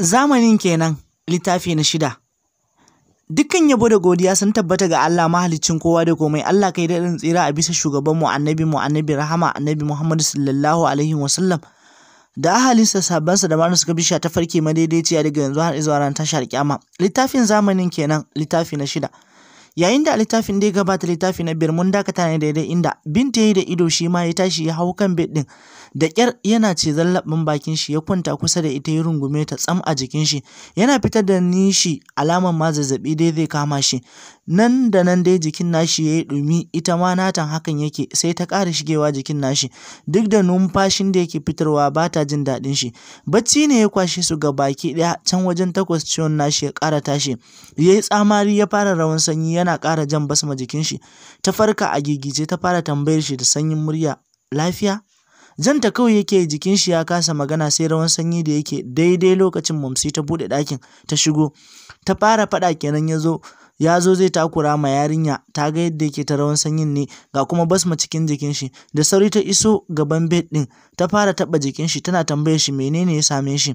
Zamanin kenan littafi na shida. Dukkan yabo da godiya sun tabbata ga Allah mahalicin kowa da komai Allah kai daɗin tsira a bisa shugaban mu annabi mu annabi rahama annabi Muhammadu sallallahu alaihi wasallam da ahalinsa sabansa da marasa suka bisha ta farke madaidaiciya daga yanzu har zuwa ran tashar kyama littafin zamanin kenan littafi na shida yayin da littafin da ya gabata littafi na biyar mun dakata ne daidai inda binta ya da ido shi ma ya tashi ya hau kan bed din da kyar yana ce zallaɓin bakin shi ya kwanta kusa da ita ya rungume ta tsam a jikin shi yana fitar da nishi alaman ma zazzabi dai zai kama shi nan da nan dai jikin nashi ya yi ɗumi ita ma natan hakan yake sai ta ƙara shigewa jikin nashi duk da numfashin da yake fitarwa ba ta jin daɗin shi bacci ne ya kwashe su ga baki ɗaya can wajen takwas ciwon nashi ya ƙara tashi ya yi tsamari ya fara rawan sanyi yana ƙara jan basma jikin shi ta farka a gigice ta fara tambayar shi da sanyin murya lafiya janta kawai yake jikin shi ya kasa magana sai rawan sanyi da yake daidai lokacin mamsi ta buɗe ɗakin ta shigo ta fara faɗa kenan ya zo ya zo zai takura ma yarinya ta ga yadda yake ta rawan sanyin ne ga kuma basma cikin jikin shi da sauri ta iso gaban bed ɗin ta fara taɓa jikin shi tana tambayar shi menene ya same shi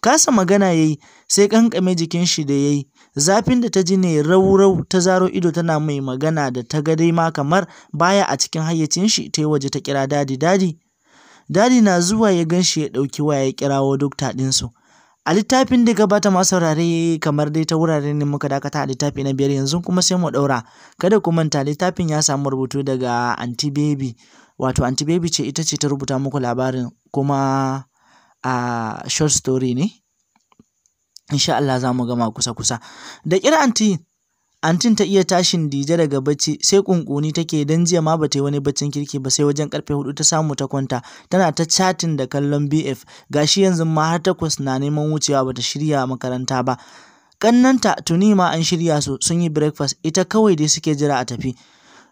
kasa magana yayi sai kankame jikin shi da yayi zafin da ta ji ne rau ta zaro ido tana mai magana da ta ga dai ma kamar baya a cikin hayyacin shi ta yi waje ta kira dadi dadi dadi na zuwa ya ganshi ya ɗauki waya ya kirawo dokta ɗinsu a littafin da gabata masu saurare kamar dai ta wurare ne muka dakata a littafi na biyar yanzu kuma sai mu ɗaura kada ku manta littafin ya samu rubutu daga anti baby wato anti baby ce ita ce ta rubuta muku labarin kuma a short story ne insha Allah za mu gama kusa kusa da kira anti Antin ta iya tashin Dije daga bacci sai kunkuni take dan jiya ma bata yi wani baccin kirki ba sai wajen karfe hudu ta samu ta kwanta tana ta chatting da kallon BF gashi yanzu ma har takwas na neman wucewa bata shirya makaranta ba. Kannanta tuni ma an shirya su sun yi breakfast ita kawai dai suke jira a tafi.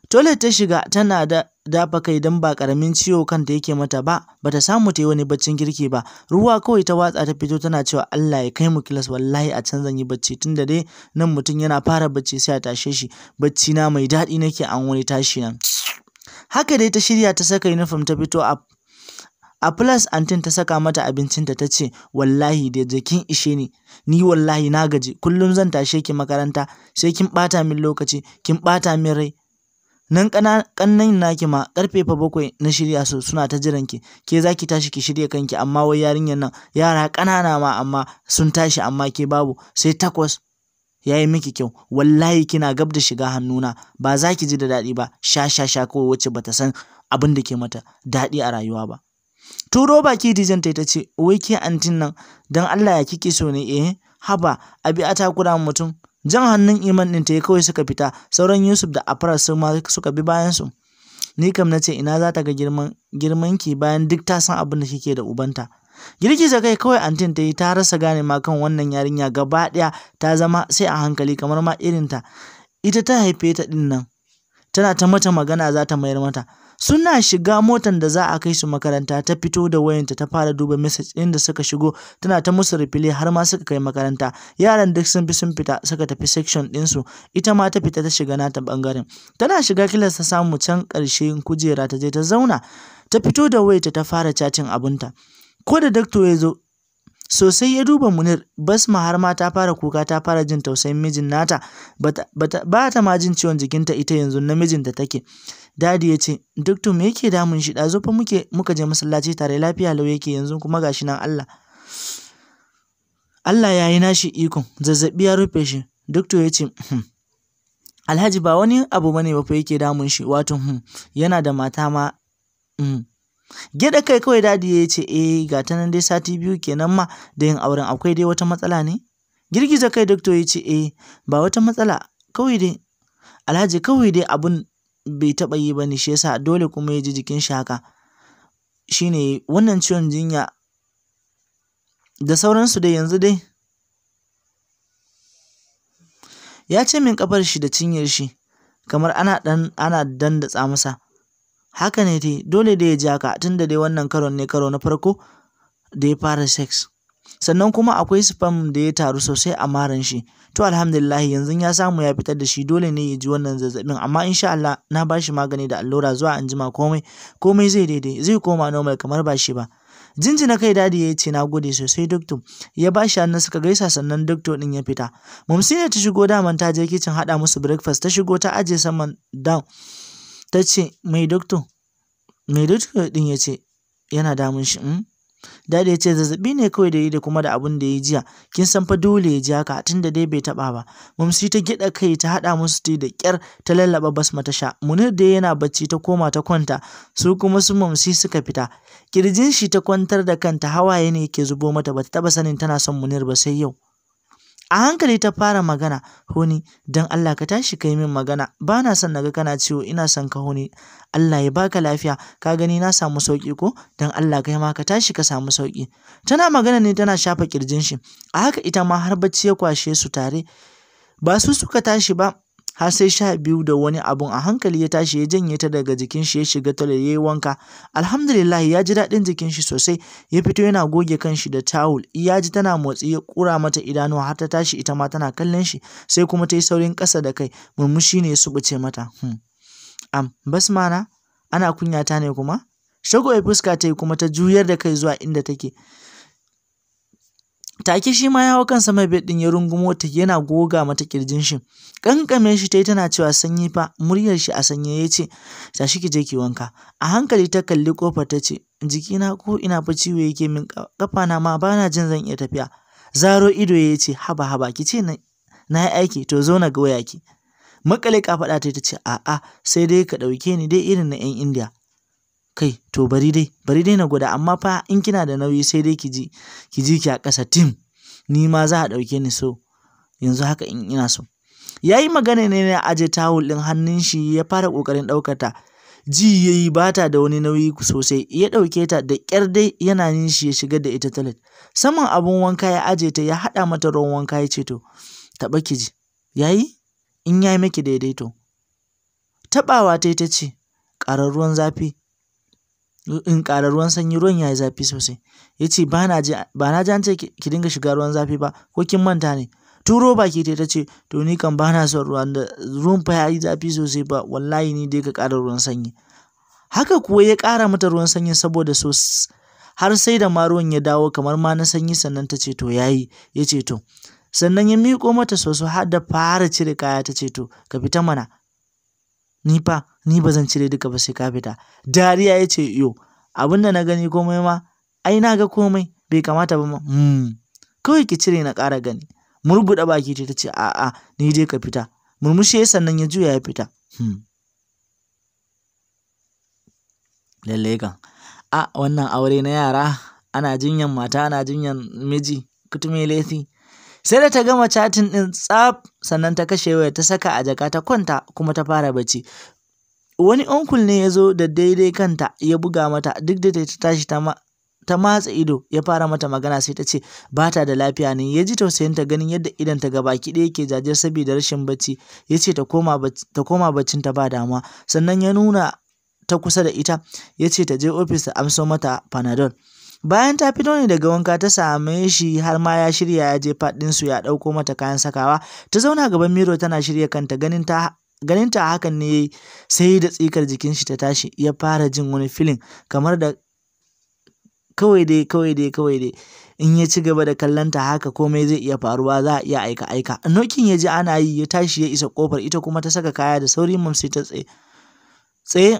tolet ta shiga tana da dafa kai don ba karamin ciwo kanta yake mata ba, bata samu ta yi wani baccin girki ba. Ruwa kawai ta watsa ta fito tana cewa Allah ya kai mu kilas wallahi a can zan yi bacci tun da dai nan mutum yana fara bacci sai a tashe shi. Bacci na mai daɗi nake an wani tashi nan. Haka dai ta shirya ta saka uniform ta fito a A plus antin ta saka mata abincinta ta ce, Wallahi da jikin ishe ni, ni wallahi na gaji, kullum zan tashe ki makaranta, sai kin bata min lokaci, kin bata min rai, nan ƙannan naki ma ƙarfe fa bakwai na shirya su suna ta jiran ki ke za ki tashi ki shirya kanki amma wai yarinyar nan yara kanana ma amma sun tashi amma ke babu sai takwas ya yi miki kyau wallahi kina gab da shiga hannuna ba za ki ji da daɗi ba sha sha sha kawai wacce ba ta san abin da ke mata daɗi a rayuwa ba turo baki dijan ta ce wai ke antin nan don allah ya kike so ne eh haba abi a takura mutum jan hannun iman ɗin ta yi kawai suka fita sauran yusuf da afra sun ma suka bi bayansu ni kam na ce ina za ta ga girman girmanki bayan duk ta san abin da kike da ubanta girgiza kai kawai antin ta yi ta rasa gane ma kan wannan yarinya gaba ɗaya ta zama sai a hankali kamar ma ta. ita ta haife ta ɗin tana ta mata magana za ta mayar mata suna shiga motan da za a kai su makaranta ta fito da wayanta ta fara duba message ɗin da suka shigo tana ta musu rifile har ma suka kai makaranta yaran duk sun fi sun fita suka tafi section su, ita ma ta fita ta shiga nata bangaren tana shiga kilas ta samu can ƙarshen kujera ta je ta zauna ta fito da wayanta ta fara cacin abunta ko da doctor ya zo sosai ya duba munir bas ma har ma ta fara kuka ta fara jin tausayin mijin nata ba ta ma jin ciwon jikinta ita yanzu na mijinta take Dadi ya ce, Doctor me yake damun shi ɗazu fa muke muka je masallaci tare lafiya lau yake yanzu kuma gashi nan Allah. Allah ya yi nashi ikon, zazzaɓi ya rufe shi. Doctor ya ce, hmm, Alhaji ba wani abu bane ba fa yake damun shi wato hmm, yana da mata ma hmm. Gyaɗa kai kawai dadi ya ce eh ga ta nan dai sati biyu kenan ma da yin auren akwai dai wata matsala ne? Girgiza kai doctor ya ce eh ba wata matsala kawai dai Alhaji kawai dai abun bai taɓa yi ba ne shi yasa dole kuma ya ji jikin shi haka shi ne wannan ciwon jinya da sauransu dai yanzu dai ya ce min kafar shi da cinyar shi kamar ana dan ana tsa masa haka ne dai dole dai ya ji haka tun da dai wannan karon ne karo na farko da ya fara sex sannan kuma akwai spam da ya taru sosai a maran shi to alhamdulillah yanzu ya samu ya fitar da shi dole ne ya ji wannan zazzabin amma insha Allah na ba shi magani da allura zuwa anjima komai komai zai daidai zai koma normal kamar ba shi ba jinjina kai dadi ya ce na gode sosai doctor ya ba shi hannu suka gaisa sannan doctor din ya fita mumsina ta shigo daman ta je kicin hada musu breakfast ta shigo ta aje saman down ta ce mai doctor mai doctor din ya ce yana damun shi hmm? Dadi ya ce zazzaɓi ne kawai da yi da kuma da abun da ya yi jiya, kin san fa dole ya ji haka da dai bai taɓa ba. Mamsi ta gida kai ta haɗa musu tea da kyar ta lallaɓa Basma ta sha. Munir dai yana bacci ta koma ta kwanta, su kuma su Mamsi suka fita. kirjin shi ta kwantar da kanta hawaye ne yake zubo mata bata taɓa sanin tana son Munir ba sai yau. a hankali ta fara magana huni, don Allah ka tashi ka yi min magana ba na son naga kana ciwo ina son ka huni. Allah ya baka lafiya ka gani na samu sauki ko don Allah kai ma ka tashi ka samu sauki tana magana ne tana shafa kirjin shi a haka ita ma har bacci ya kwashe su tare ba su suka tashi ba har sai sha biyu da wani abun a hankali ya tashi ya janye ta daga jikin shi ya shiga toilet ya yi wanka alhamdulillah ya ji daɗin jikin shi sosai ya fito yana goge kan shi da tawul ya ji tana motsi ya kura mata idanu har ta tashi ita ma tana kallon shi sai kuma ta yi saurin ƙasa da kai murmushi ne ya subuce mata hmm. am basma na ana kunyata ne kuma shago ya fuska ta yi kuma ta juyar da kai zuwa inda take take shi ma ya hau kansa mai bed din ya rungumo ta yana goga mata kirjin shi kankame shi tai tana cewa sanyi fa muryar shi a sanye yace tashi ki je ki wanka a hankali ta kalli kofar ta ce jikina ko ina fa ciwo yake min na? ma bana jin zan iya tafiya zaro ido ya haba haba ki ce na yi aiki to zo na ga ki makale ka ta ce a'a sai dai ka ɗauke ni dai irin na 'yan indiya kai to bari dai bari dai na gwada amma fa in kina da nauyi sai dai ki ji ki a ƙasa tim ni ma za a ɗauke ni so yanzu haka in ina so ya yi magana ne na aje tawul ɗin hannun shi ya fara ƙoƙarin ɗaukata, ji ya yi ba ta da wani nauyi sosai ya ɗauke ta da ƙyar dai yana yin shi ya shiga da ita talat. saman abun wanka ya aje ta ya haɗa mata ruwan wanka ya ce to taɓa ki ji yayi in yayi miki daidaito taɓawa ta ta ce ƙararruwan zafi in ƙara ruwan sanyi ruwan ya yi zafi sosai ya ce ba na ji an ce ki dinga shiga ruwan zafi ba ko kin manta ne turo baki ta ce to ni kan ba na son ruwan da ruwan fa yi zafi sosai ba wallahi ni dai ka ƙara ruwan sanyi haka kuwa ya ƙara mata ruwan sanyi saboda so har sai da ma ruwan ya dawo kamar ma na sanyi sannan ta ce to yayi ya ce to sannan ya miƙo mata soso har da fara cire kaya ta ce to ka fita mana ni fa ni ba zan cire duka ba sai ka fita dariya ya ce yo abin da na gani komai ma ai na ga komai bai kamata ba ma hmm. kawai ki cire na ƙara gani murguɗa baki ta ce a'a ni dai ka fita murmushi ya sannan ya juya ya fita hmm. lallai kan a wannan aure na yara ana jinyan mata ana jinyan miji kutume laifi sai da ta gama catin ɗin tsaf sannan ta kashe waya ta saka a jaka ta kwanta kuma ta fara bacci wani onkul ne ya zo da daidai kanta ya buga mata duk da ta tashi ta ma ta matsa ido ya fara mata magana sai ta ce ba ta da lafiya ne ya ji tausayin ta ganin yadda idan ta gaba ki ɗaya ke jajir saboda rashin bacci ya ce ta koma baccin ta ba damuwa sannan ya nuna ta kusa da ita ya ce ta je ofis ta amso mata panadol Bayan ta fito ne daga wanka ta same shi har ma ya shirya ya je faɗin su ya ɗauko mata kayan sakawa, ta zauna gaban miro tana shirya kanta ganin ta ganin ta hakan ne sai da tsikar jikin shi ta tashi ya fara jin wani filin kamar da kawai dai kawai dai kawai dai in ya ci gaba da kallon ta haka komai zai iya faruwa za a iya aika aika nokin ya ji ana yi ya tashi ya isa kofar ita kuma ta saka kaya da sauri mamsi ta tsaye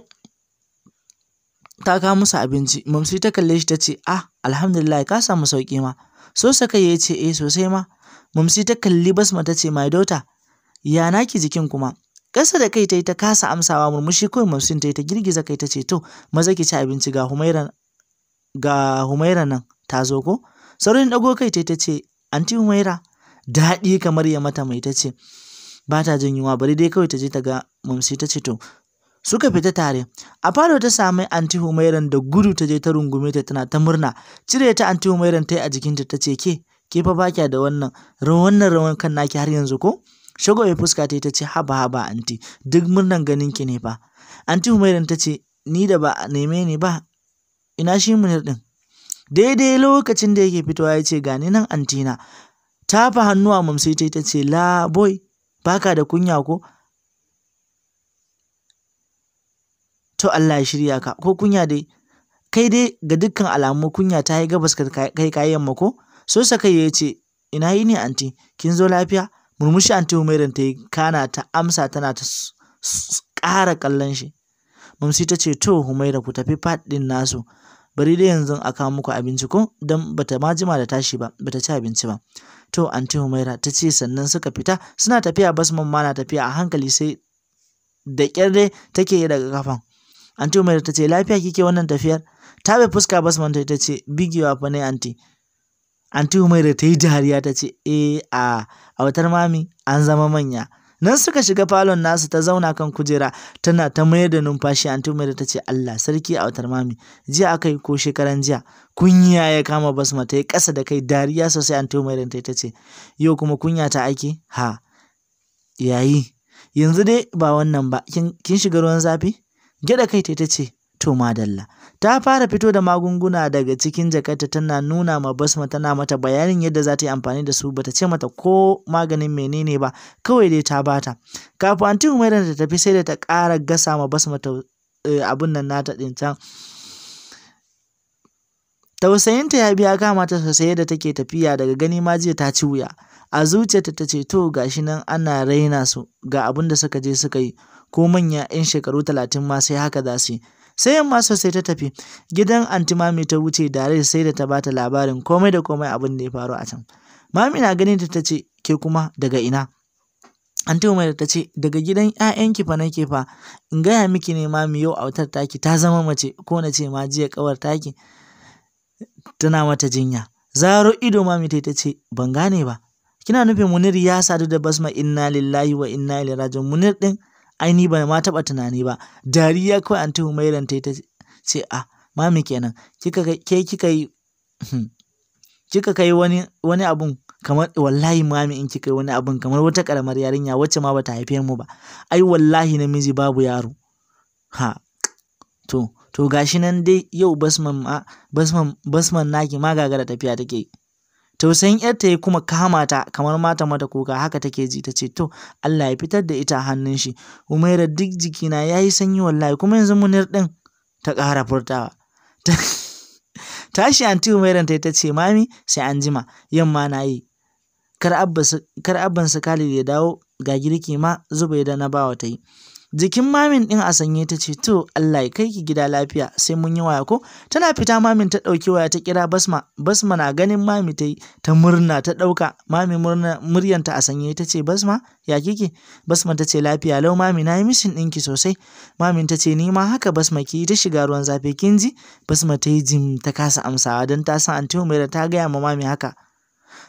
ta kawo musu abinci mamsi ta kalle shi ta ce ah alhamdulillah ka samu sauki ma so saka ya ce eh sosai ma mamsi ta kalli basma ta ce my daughter ya naki jikin kuma kasa da kai ta yi ta kasa amsawa murmushi kawai mamsin ta ta girgiza kai ta ce to maza ki ci abinci ga humairan ga humaira nan ta zo ko saurin ɗago kai ta ce anti humaira daɗi kamar ya mata mai ta ce ba ta jin yunwa bari dai kawai ta je ta ga mamsi ta ce to suka fita tare a falo ta sami anti humairan da gudu ta je ta rungume ta tana ta murna cire ta anti humairan ta yi a jikinta ta ce ke ke fa bakya da wannan wannan rawan kan naki har yanzu ko shago ya fuska ta ta ce haba haba anti duk murnan ganin ki ne fa anti humairan ta ce ni da ba neme ni ba ina shi munir din daidai lokacin da yake fitowa ya ce gani nan antina tafa hannuwa mamsai ta ce la boy baka da kunya ko to Allah ya shirya ka ko kunya dai kai dai ga dukkan alamu kunya ta yi gabas kai kayi yamma ko so saka ya ce ina yi ne anti kin zo lafiya murmushi anti umairan ta yi kana ta amsa tana ta ƙara kallon shi mamsi ta ce to humaira ku tafi faɗin nasu bari dai yanzu a kawo muku abinci ko don bata ma jima da tashi ba bata ci abinci ba to anti humaira ta ce sannan suka fita suna tafiya bas mamma na tafiya a hankali sai da ƙyar dai take daga kafan anti Umar ta ce lafiya kike wannan tafiyar ta bai fuska bas man ta ce bigewa fa ne anti anti Umar ta yi dariya ta ce eh a autar mami an zama manya nan suka shiga falon nasu ta zauna kan kujera tana ta mayar da numfashi anti Umar ta ce Allah sarki a mami jiya aka yi ko shekaran jiya kunya ya kama basma ta yi ƙasa da kai dariya sosai anti Umar ta ce yau kuma kunya ta ake ha yayi yanzu dai ba wannan ba kin shiga ruwan zafi Gyada kai ta ce, To madalla. Ta fara fito da magunguna daga cikin jakarta tana nuna ma Basma tana mata bayanin yadda za ta yi amfani da su bata ce mata ko maganin menene ba kawai dai ta bata. Kafin anti Umaira ta tafi sai da ta ƙara gasa ma Basma ta eh, abun nan nata ɗin can. Tausayinta ya biya kama ta sosai da take tafiya daga gani ma jiya ta ci wuya. A zuciyarta ta ce to gashi nan ana raina su ga abin da suka je suka yi ko manya 'yan shekaru talatin ma sai haka za su yi sai yamma sosai ta tafi gidan anti mami ta wuce dare sai da ta bata labarin komai da komai abin da ya faru a can mami na ganin ta tace ke kuma daga ina anti mami ta ce daga gidan 'ya'yanki fa nake fa in gaya miki ne mami yau a wutar taki ta zama mace ko na ce ma jiya kawar taki tana mata jinya zaro ido mami ta tace ban gane ba kina nufin munir ya sadu da basma inna lillahi wa inna ilaihi raji'un munir din Aini ni ma taɓa tunani ba dariya kawai anti humairan ta ta ce a ah, mami kenan kika ke kika yi hmm, kika kai wani wani abun kamar wallahi mami in kika yi wani abun kamar wata karamar yarinya wacce ma bata haife mu ba ai wallahi namiji babu yaro ha to to gashi nan dai yau basman ma basman basman naki ma gagara tafiya take tausayin yarta ya kuma kama ta kamar mata mata kuka haka take ji ta ce to Allah ya fitar da ita hannun shi umaira duk jikina ya yi sanyi wallahi kuma yanzu munir din ta ƙara furtawa tashi anti umairan ta ta ce mami sai an jima yamma na yi kar abban su Khalid ya dawo ga girki ma zuba da na bawa ta yi Jikin mamin ɗin a sanye ta ce, To, Allah ya kai ki gida lafiya, sai mun yi waya ko? Tana fita mamin ta ɗauki waya ta kira Basma, Basma na ganin mami ta ta murna ta ɗauka, mami murna ta a sanye ta ce, Basma, ya kike? Basma ta ce, Lafiya lau mami na yi mishin ɗinki sosai. Mamin ta ce, Ni ma haka Basma ki ta shiga ruwan zafi kin ji? Basma ta yi jim ta kasa amsawa dan ta san mai da ta gaya ma mami haka.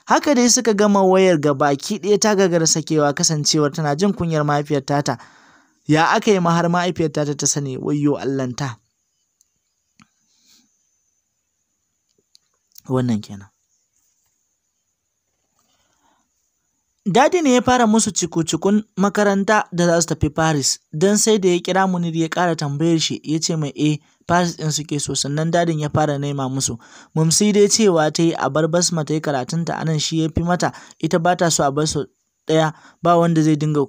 Haka dai suka gama wayar ga baki ɗaya ta gagara sakewa kasancewar tana jin kunyar mafiyar tata. ya aka yi mahar har mahaifiyarta ta sani wayyo allanta wannan kenan Dadi ne ya fara musu ciku makaranta da za su tafi Paris, don sai da ya kira Munir ya kara tambayar shi ya ce mai e, Paris ɗin suke so, sannan dadin ya fara nema musu. Mumsi dai cewa ta yi a bar basma ta yi karatunta anan shi ya fi mata, ita ba ta so a bar su ɗaya ba wanda zai dinga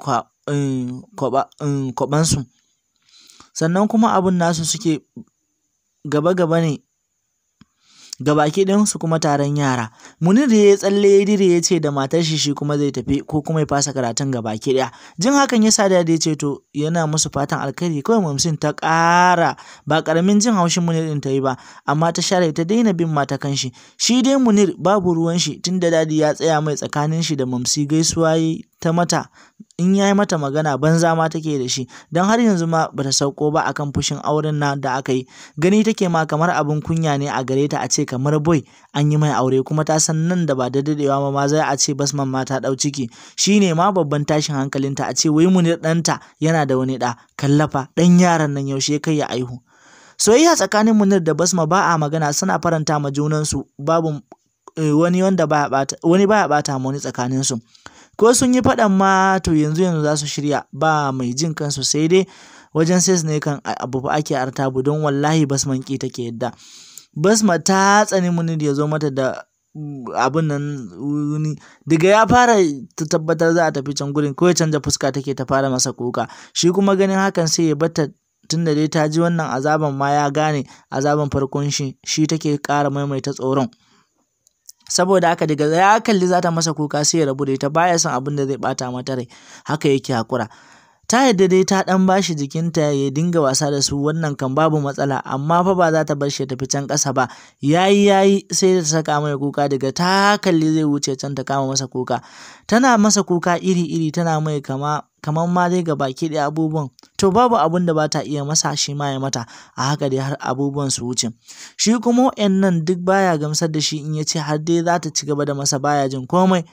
kwabansu sannan kuma abun nasu suke gaba gaba ne gabaki su kuma taron yara munir ya tsalle ya dire ya ce da matar shi shi kuma zai tafi ko kuma ya fasa karatun gabaki ɗaya jin hakan ya sa da ya ce to yana musu fatan alkhairi kawai mamsin ta ƙara ba ƙaramin jin haushin munir ɗin ta yi ba amma ta share ta daina bin mata kanshi shi dai munir babu ruwan shi tun da dadi ya tsaya mai tsakanin shi da mamsi gaisuwa ta mata in ya yi mata magana banza ma take da shi don har yanzu ma ba ta sauko ba akan fushin auren nan da aka yi gani take ma kamar abin kunya ne a gare ta a ce kamar boy an yi mai aure kuma ta san nan da ba da dadewa ma ma zai a ce basman ma ta dau ciki shine ma babban tashin hankalinta a ce wai mu ɗanta yana da wani da kallafa dan yaran nan yaushe kai ya aihu soyayya tsakanin munir da basma ba a magana suna faranta ma junansu babu eh, wani wanda baya bata wani baya bata mu wani tsakaninsu ko sun yi faɗan ma to yanzu yanzu za su shirya ba mai jin kansu sai dai wajen ses ne kan abu fa ake artabu don wallahi basman ki take yadda basma ta tsani muni ya zo mata da mm, abin nan wuni daga ya fara ta tabbatar za a tafi can gurin ko ya canza fuska take ta fara masa kuka shi kuma ganin hakan sai ya bata da dai ta ji wannan azaban ma ya gane azaban farkon shi shi take kara maimaita tsoron saboda haka daga ya kalli za ta masa kuka sai ya rabu da ita baya son abin da zai bata mata rai haka yake hakura Ta yadda dai ta ɗan bashi jikinta ya dinga wasa da su wannan kan babu matsala amma fa ba za ta bar shi ya tafi can ƙasa ba yayi yayi sai ta saka mai kuka daga ta kalli zai wuce can ta kama masa kuka tana masa kuka iri iri tana mai kama kamar ma dai ga baki da abubuwan to babu abun da ba ta iya masa shi ma ya mata a haka dai har abubuwan su wuce shi kuma nan duk baya gamsar da shi in ya ce har dai za ta ci gaba da masa baya jin komai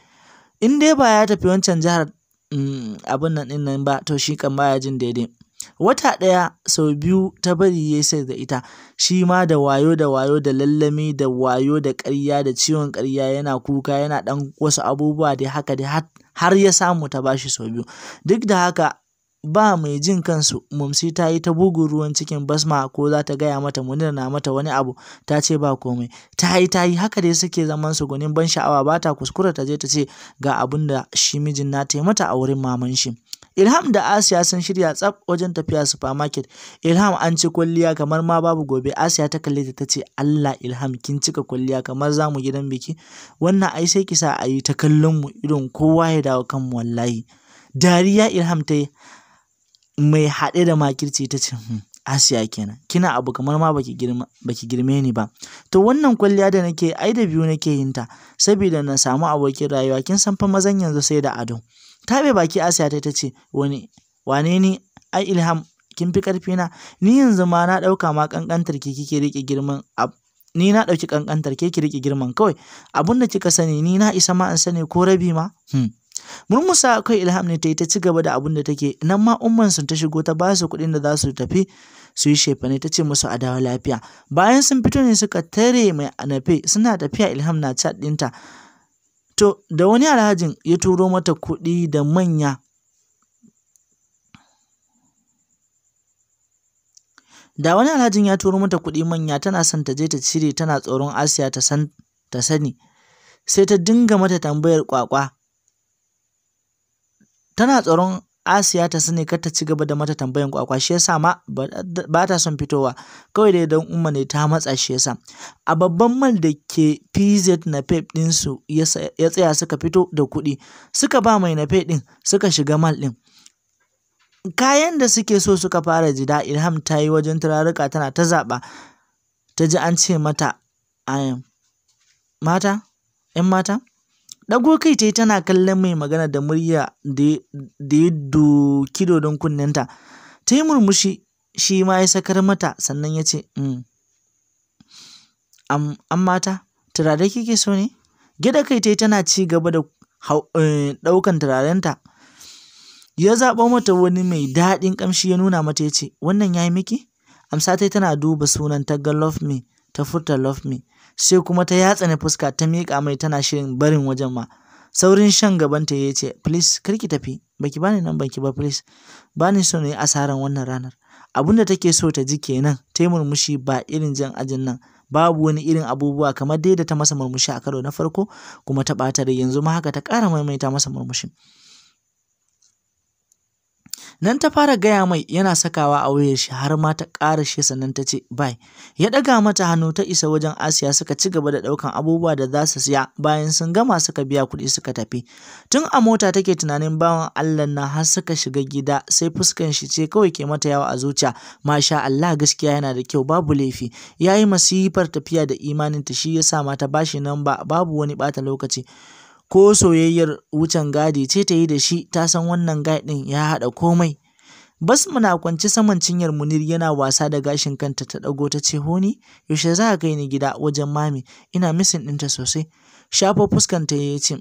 in dai ba ya tafi wancan jihar Mm, abin nan ɗin nan ba to shi kan baya jin daidai wata ɗaya sau biyu ta bari ya sai da ita shi ma da wayo da wayo da lallami da wayo da ƙarya da ciwon ƙarya yana kuka yana ɗan wasu abubuwa dai haka dai har ya samu ta bashi sau biyu duk da haka ba mai jin kansu. Mumsi ta yi ta bugun ruwan cikin Basma ko za ta gaya mata Munira na mata wani abu, ta ce ba komai. Ta yi ta yi haka dai suke zaman su gwanin ban sha'awa ba ta kuskura ta je ta ce ga abin da shi mijin na ta mata a wurin maman shi. Ilham da Asiya sun shirya tsaf wajen tafiya supermarket. Ilham an ci kwalliya kamar ma babu gobe. Asiya ta kalle ta ce Allah Ilham kin cika kwalliya kamar za mu gidan biki. Wannan ai sai kisa a yi ta kallon mu irin kowa ya dawo kan wallahi. Dariya Ilham ta yi mai haɗe da makirci ta ce hmm, asiya kenan kina abu kamar ma baki girma girme ni ba to wannan kwalliya da nake ai da biyu nake yin ta saboda na samu abokin rayuwa kin san fa mazan yanzu sai da ado bai baki asiya ta tace wani wane ni ai ilham kin fi karfi na ni yanzu ma na dauka ma kankantar ki kike rike girman ni na dauki kankantar ke ki rike girman kawai abun da kika sani ni na isa ma an sani ko rabi ma hmm. murmusa kai ilham ne ta yi ta ci gaba da abin da take nan ma umman sun ta shigo ta ba su kuɗin da za su tafi su yi ne ta ce musu a dawo lafiya bayan sun fito ne suka tare mai anafe suna tafiya ilham na chat ɗinta to da wani alhajin ya turo mata kuɗi da manya da wani alhajin ya turo mata kuɗi manya tana son ta je ta cire tana tsoron asiya ta san ta sani sai ta dinga mata tambayar kwakwa tana tsaron Asiya ta sani kar ta ci gaba da mata tambayan kwakwa shi yasa ma ba ta son fitowa kawai dai dan umma ne ta matsa shi yasa a babban mal da ke PZ na pep din su ya tsaya suka fito da kuɗi suka ba mai na pep din suka shiga mal din kayan da suke so suka fara jida Ilham ta yi wajen turaruka tana ta zaɓa ta ji an ce mata mata 'yan mata ɗago kai yi tana kallon mai magana da murya da ya doki dodon kunnenta ta yi murmushi shi ma ya sakar mata sannan ya ce mm, an mata turare kike so ne gida kai yi tana ci gaba da eh, ɗaukan turarenta ya zaɓo mata wani mai daɗin ƙamshi ya nuna mata ya ce wannan ya yi miki amsa tai tana duba sunan ta ga love me ta furta love me sai kuma ta yatsa na fuska ta miƙa mai tana shirin barin wajen ma saurin shan gabanta ya ce please kar ki tafi baki bani nan baki ba please bani so ne asaran wannan ranar abun da take so ta ji kenan ta yi murmushi ba irin jan ajin nan babu wani irin abubuwa kamar dai da ta masa murmushi a karo na farko kuma ta ɓata da yanzu ma haka ta ƙara maimaita masa murmushin nan ta fara gaya mai yana sakawa a wayar shi har ma ta ƙara shi sannan ta ce bai ya ɗaga mata hannu ta isa wajen asiya suka ci gaba da ɗaukan abubuwa da za su siya bayan sun gama suka biya kuɗi suka tafi tun a mota take tunanin bawan allah na har suka shiga gida sai fuskan shi ce kawai ke mata yawa a zuciya masha allah gaskiya yana da kyau babu laifi ya yi masifar tafiya da imaninta shi ya sa mata bashi nan ba babu wani bata lokaci ko soyayyar wucin gadi ce ta yi da shi ta san wannan guy ɗin ya haɗa komai. bas na kwanci saman cinyar Munir yana wasa da gashin kanta ta ɗago ta ce honi yaushe za a kai ni gida wajen mami ina misin ɗinta sosai. Shafo fuskanta ya ce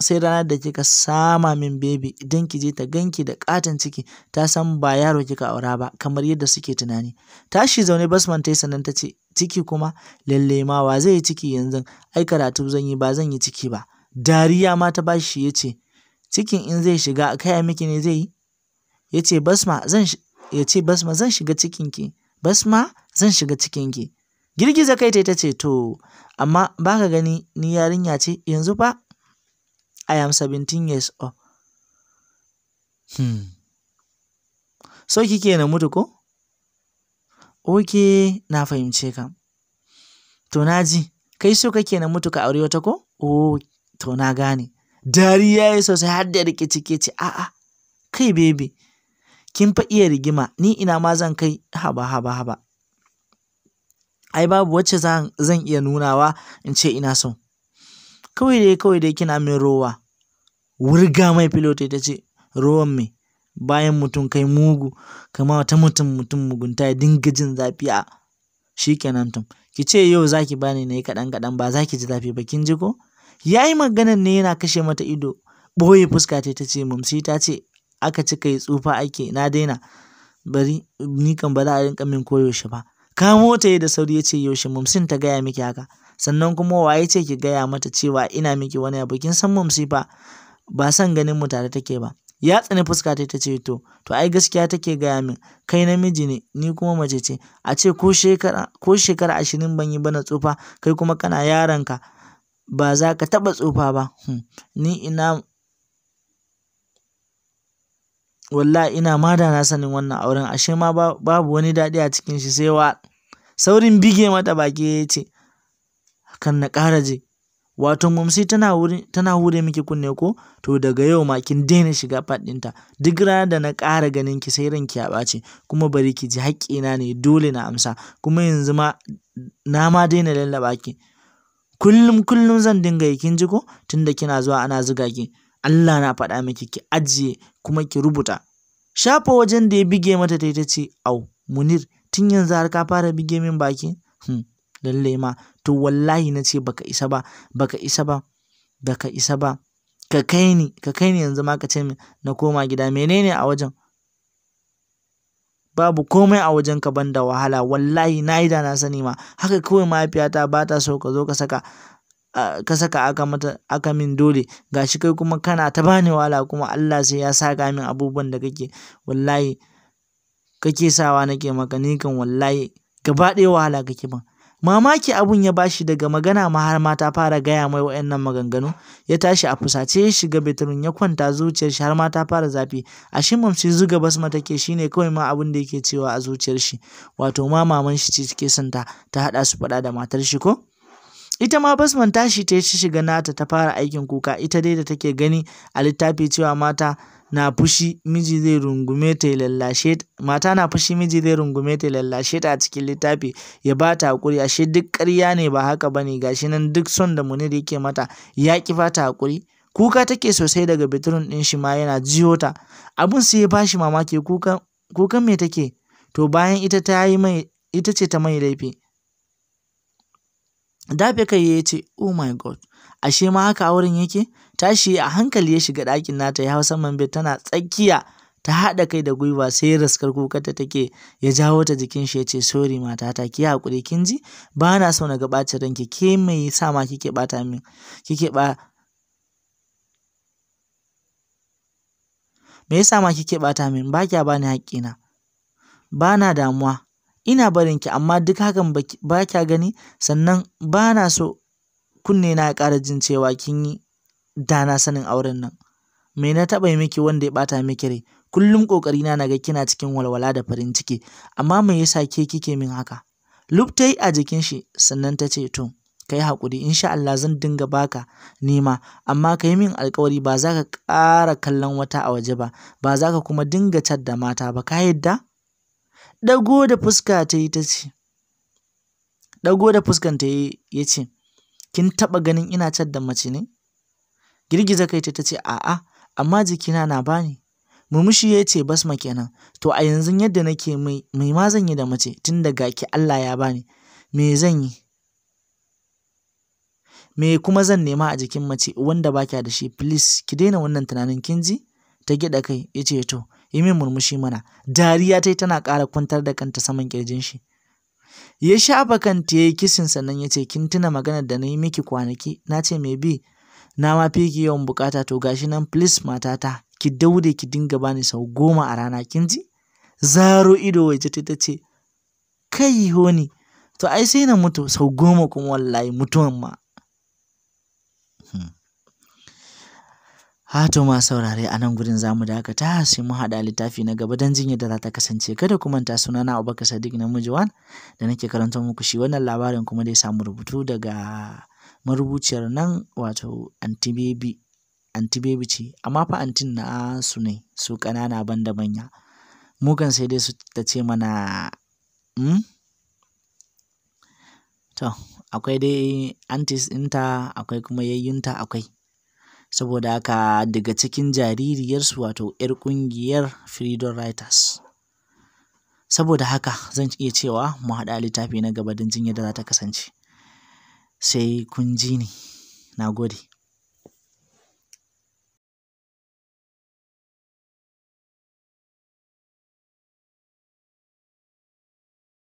sai ranar da kika sama min bebi idan ki je ta ganki da katon ciki ta san ba yaro kika aura ba kamar yadda suke tunani. Tashi zaune Basman ta yi sannan ta ce ciki kuma lalle ma wa zai yi ciki yanzu ai karatu zan yi ba zan yi ciki ba. Dariya ma ta bashi shi ya ce, Cikin in zai shiga kaya miki ne zai yi? Ya ce, Basma zan shiga cikinki, Basma zan shiga cikinki. Girgiza kai ta ce, To, amma ba ka gani ni yarinya ce yanzu ba. I am 17 years old. Hmm. So kike na mutu ko? Ok na fahimce ka. To na ji, kai so kake na mutu ka aure wata ko? ok to na gane dari ya yi sosai har da rike ciki ce a'a kai bebe kin fa iya rigima ni ina ma zan kai haba haba haba ai babu wacce zan iya nunawa in ce ina son kawai dai kawai dai kina min rowa wurga mai filote ta ce rowan me bayan mutum kai mugu kama wata mutum mutum mugunta ya dinga jin zafi a Shi kenan tum ki ce yau zaki bani na yi kaɗan kaɗan ba ki ji zafi ba kin ji ko ya yi maganan ne yana kashe mata ido ɓoye fuska ta ce mamsi ta ce aka cika yi tsufa ake na daina bari ni kan ba za a rinka min koyaushe ba kamo ta da sauri ya ce yaushe mamsin ta gaya miki haka sannan kuma waye ce ki gaya mata cewa ina miki wani abu kin san mamsi fa ba san ganin mu tare take ba ya tsani fuska ta ta ce to to ai gaskiya take gaya min kai namiji ne ni kuma mace ce a ce ko shekara ko shekara ashirin ban yi bana tsufa kai kuma kana yaranka ba za ka taɓa tsufa ba. Hmm. Ni ina wallahi ina ma da na sanin wannan auren ashe ma babu wani daɗi a cikin shi sai wa saurin bige mata baki ya ce kan na ƙara je. Wato Momsi tana hure miki kunne ko? To daga yau ma kin daina shiga faɗinta. Duk rana da na ƙara ganin ki sai ranki ya kuma bari ki ji haƙƙina ne dole na amsa kuma yanzu ma na ma daina lallaɓa ki. kullum kullum zan dinga yi kin ji ko tunda kina zuwa ana zuga ki Allah na faɗa miki ki ajiye kuma ki rubuta shafa wajen da ya bige mata ta ce au munir tun yanzu har ka fara bige min baki hmm. lalle ma to wallahi na ce baka isa ba baka isa ba baka isa ba ka kai ni ka kai ni yanzu ma ka ce min na koma gida menene a wajen babu komai a wajen ka banda wahala wallahi na yi da na sani ma haka kawai mahaifiyata ba ta so ka zo ka saka ka saka aka mata aka min dole gashi kai kuma kana ta bani wahala kuma Allah sai ya saka min abubuwan da kake wallahi kake sawa nake maka ni kan wallahi gaba ɗaya wahala kake ban Mamaki abun ya bashi daga magana ma har ma ta fara gaya mai waɗannan maganganu, ya tashi a fusace ya shiga betrun ya kwanta zuciyar shi har ma ta fara zafi, shi mamshi zuga basma take shi ne kawai ma abun da yake cewa a zuciyar shi, wato ma maman shi ce take son ta, ta haɗa su fada da matar shi ko? Ita ma Basman tashi ta shi shiga nata ta fara aikin kuka ita dai da take gani a littafi cewa mata na fushi miji zai rungume ta lallashe mata na fushi miji zai rungume ta lallashe ta a cikin littafi ya ba ta hakuri ashe duk karya ne ba haka bane gashi nan duk son da Munir yake mata ya ki ba ta hakuri kuka take sosai daga bitrun din shi ma yana jiyo ta abun sai ya bashi mamaki kukan kukan me take to bayan ita ta yi mai ita ce ta mai laifi Dafe kai ya ce “Oh my God!” ashe ma haka auren yake. Tashi a hankali ya shiga ɗakin nata ya hau saman bed tana tsakiya ta haɗa kai da gwiwa sai raskar ta take ya jawo ta jikin shi ya ce sorry matata ki haƙuri kin ji ba na so na ga ɓacin ranki ke mai sa ma kike ɓata min kike ba me yasa ma kike ɓata min ba kya bani haƙƙina ba na damuwa ina barin ki amma duk hakan ba kya gani sannan ba na so kunne na ƙara jin cewa kin yi dana sanin auren nan me na taɓa yi miki wanda ya ɓata miki rai kullum ƙoƙari na ga kina cikin walwala da farin ciki amma me yasa ke kike min haka luptai ta a jikin shi sannan ta ce to kai hakuri, insha Allah zan dinga baka nema amma ka min alƙawari, ba za ka ƙara kallon wata a waje ba ba za ka kuma dinga cadda da mata ba ka yadda ɗago da fuska ta yi ta ce, ɗago da fuskanta ya ce, Kin taɓa ganin ina can da mace ne? Girgiza kai ta ce, A'a, amma jikina na bani. Murmushi ya ce, Basma kenan, to a yanzu yadda nake mai, mai ma zan yi da mace tun daga ki Allah ya bani, me zan yi? Me kuma zan nema a jikin mace wanda ba da shi, please, ki daina wannan tunanin kin ji? Ta gida kai, ya ce, To, yi min murmushi mana dariya ta yi tana ƙara kwantar da kanta saman ƙirjin shi ya shafa kanta ya yi kisin sannan ya ce kin tuna maganar da na yi miki kwanaki na ce mai bi na ma fi ki yawan bukata to gashi nan please matata ki daure ki dinga bani sau goma a rana kin ji zaro ido waje ta ce kai honi to ai sai na mutu sau goma kuma wallahi mutuwan ma Hato, ma saurare a nan gudun zamu dakata sai mu haɗa littafi na gaba don jin da za ta kasance kada ku manta na Abubakar Sadiq na Mujawan da nake karanta muku shi wannan labarin kuma dai samu rubutu daga marubuciyar nan wato Anti Baby Anti Baby ce amma fa antin na su ne su ƙanana ban da manya mu kan sai dai su ta ce mana hmm? to akwai dai antis ɗinta akwai kuma yayyunta akwai saboda haka daga cikin jaririyarsu wato 'yar ƙungiyar freedom writers saboda haka zan iya cewa mu haɗa littafi na gaba don jin yadda za ta kasance sai kun ji ni na gode